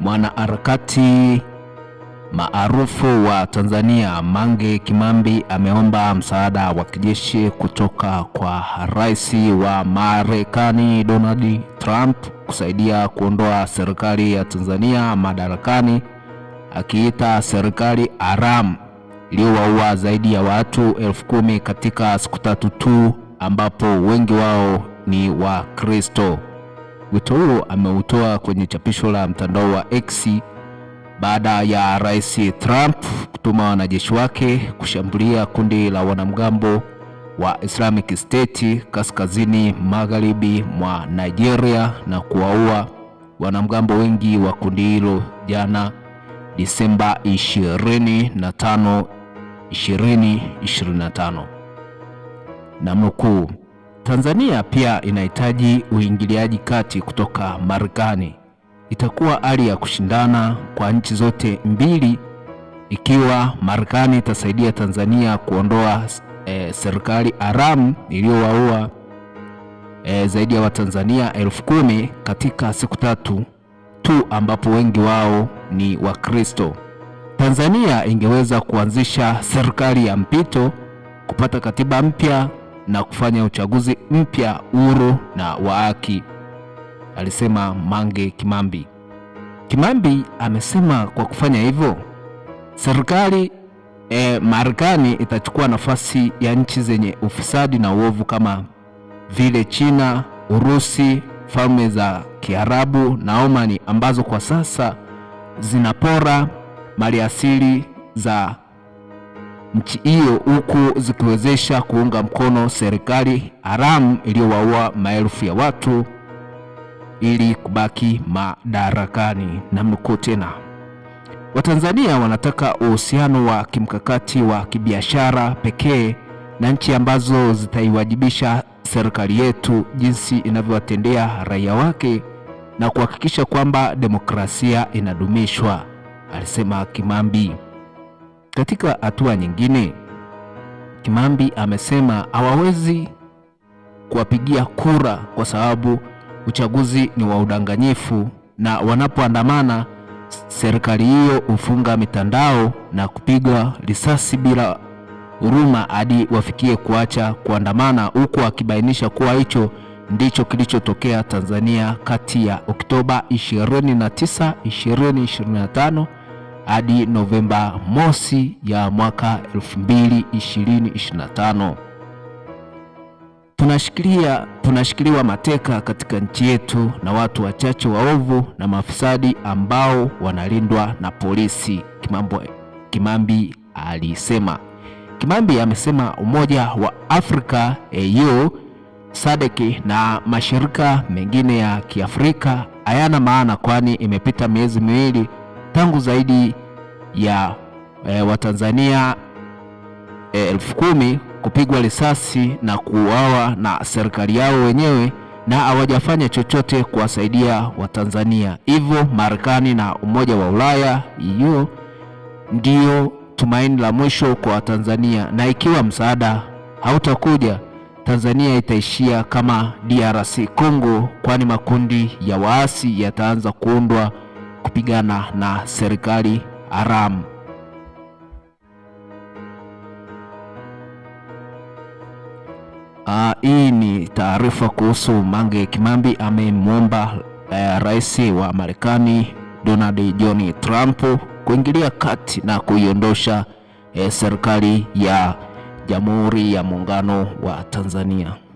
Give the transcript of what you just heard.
Mwanaharakati maarufu wa Tanzania Mange Kimambi ameomba msaada wa kijeshi kutoka kwa Rais wa Marekani Donald Trump kusaidia kuondoa serikali ya Tanzania madarakani, akiita serikali haramu iliyowaua zaidi ya watu elfu kumi katika siku tatu tu ambapo wengi wao ni Wakristo. Wito huo ameutoa kwenye chapisho la mtandao wa X baada ya Rais Trump kutuma wanajeshi wake kushambulia kundi la wanamgambo wa Islamic State kaskazini magharibi mwa Nigeria na kuwaua wanamgambo wengi wa kundi hilo jana Disemba 25, 2025. Namnukuu, Tanzania pia inahitaji uingiliaji kati kutoka Marekani. Itakuwa hali ya kushindana kwa nchi zote mbili, ikiwa Marekani itasaidia Tanzania kuondoa e, serikali haramu iliyowaua e, zaidi ya Watanzania elfu kumi katika siku tatu tu, ambapo wengi wao ni Wakristo. Tanzania ingeweza kuanzisha serikali ya mpito, kupata katiba mpya na kufanya uchaguzi mpya huru na wa haki, alisema Mange Kimambi. Kimambi amesema kwa kufanya hivyo serikali e, Marekani itachukua nafasi ya nchi zenye ufisadi na uovu kama vile China, Urusi, falme za Kiarabu na Omani ambazo kwa sasa zinapora maliasili za nchi hiyo huku zikiwezesha kuunga mkono serikali haramu iliyowaua maelfu ya watu ili kubaki madarakani. Namnukuu tena, Watanzania wanataka uhusiano wa kimkakati wa kibiashara pekee na nchi ambazo zitaiwajibisha serikali yetu jinsi inavyowatendea raia wake na kuhakikisha kwamba demokrasia inadumishwa, alisema Kimambi. Katika hatua nyingine, Kimambi amesema hawawezi kuwapigia kura kwa sababu uchaguzi ni wa udanganyifu, na wanapoandamana serikali hiyo hufunga mitandao na kupigwa risasi bila huruma hadi wafikie kuacha kuandamana, huku akibainisha kuwa hicho ndicho kilichotokea Tanzania kati ya Oktoba 29, 2025 hadi Novemba mosi ya mwaka 2025. Tunashikilia, tunashikiliwa mateka katika nchi yetu na watu wachache waovu na mafisadi ambao wanalindwa na polisi, Kimambo, Kimambi alisema. Kimambi amesema Umoja wa Afrika AU, SADC na mashirika mengine ya Kiafrika hayana maana, kwani imepita miezi miwili tangu zaidi ya e, Watanzania e, elfu kumi kupigwa risasi na kuuawa na serikali yao wenyewe na hawajafanya chochote kuwasaidia Watanzania. Hivyo Marekani na Umoja wa Ulaya hiyo e ndio tumaini la mwisho kwa Watanzania, na ikiwa msaada hautakuja Tanzania itaishia kama DRC Congo, kwani makundi ya waasi yataanza kuundwa kupigana na serikali haramu. Uh, hii ni taarifa kuhusu Mange Kimambi amemwomba uh, rais wa Marekani Donald John Trump kuingilia kati na kuiondosha uh, serikali ya Jamhuri ya Muungano wa Tanzania.